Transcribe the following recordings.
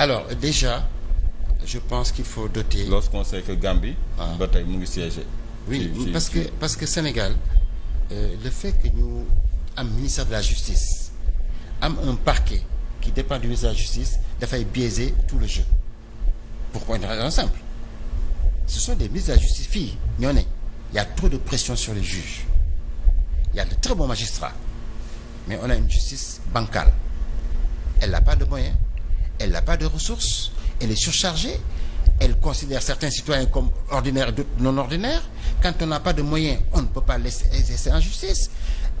alors déjà je pense qu'il faut doter. lorsqu'on sait que Gambie. waaw ah. ba mu ngi siégé. parce que parce que Sénégal euh, le fait que ñu am ministère de la justice am un parquet qui dépend du ministère de la justice dafay biaiser tout le jeu pourquoi une raison simple ce sont des ministres de la justice fii ñoo ne il y a trop de pression sur les juges il y a de très bons magistrats mais on a une justice bancale elle n'a pas de moyens. elle n'a pas de ressources, elle est surchargée, elle considère certains citoyens comme ordinaires et d'autres non ordinaires. Quand on n'a pas de moyens, on ne peut pas laisser, laisser en justice.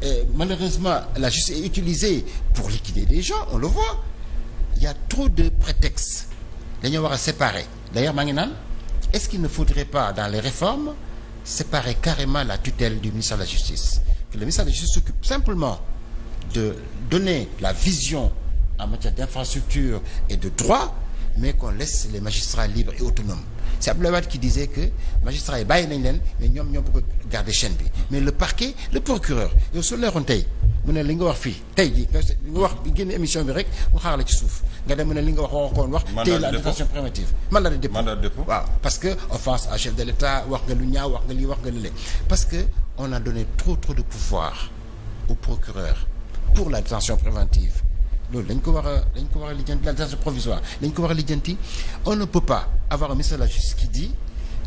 Et malheureusement, la justice est utilisée pour liquider des gens, on le voit. Il y a trop de prétextes. dañoo war a séparer d'ailleurs maa ngi naan est-ce qu'il ne faudrait pas dans les réformes séparer carrément la tutelle du ministère de la Justice que le ministère de la Justice s'occupe simplement de donner la vision en matière d'infrastructure et de droit mais qu'on laisse les magistrats libres et autonomes c'est Abdoulaye qui disait que magistrats yi bàyyi nañ leen mais ñoom ñoom bëgg a garder chaîne bi mais le parquet le procureur yow su leeroon tey mu ne li nga wax fii tey jii nga wax bi génn émission bi rek mu xaar la ci suuf nga dem mu ne li nga wax wax koon wax tey la détention préventive mandat de dépôt waaw parce que offense à chef de l'État wax nga lu wax nga lii wax nga li parce que on a donné pour la détention préventive loolu dañ ko war a dañ ko war a lijjanti la détention provisoire dañ ko war a lijjanti on ne peut pas avoir un ministre la justice qui dit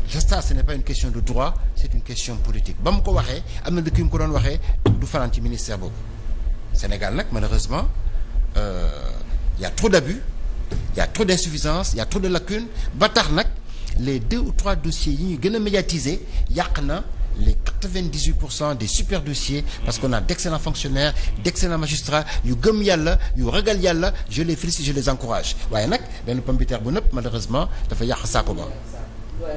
ça ce n'est pas une question de droit c'est une question politique ba mu ko waxee am na dëkk yu mu ko doon waxee du fanaan ci ministère boobu Sénégal nag malheureusement euh, y a trop d'abus y a trop d'insuffisance y a trop de lacunes ba tax nag les deux ou trois dossiers yi ñu gën a médiatiser yàq na les 98 pour cent des super dossiers parce qu'on a d'excellents fonctionnaires d'excellents magistrats yu gëm yàlla yu ragal yàlla je les félicite je les encourage waaye nag benn pomme de terre bu nëpp malheureusement dafa yàq saako ba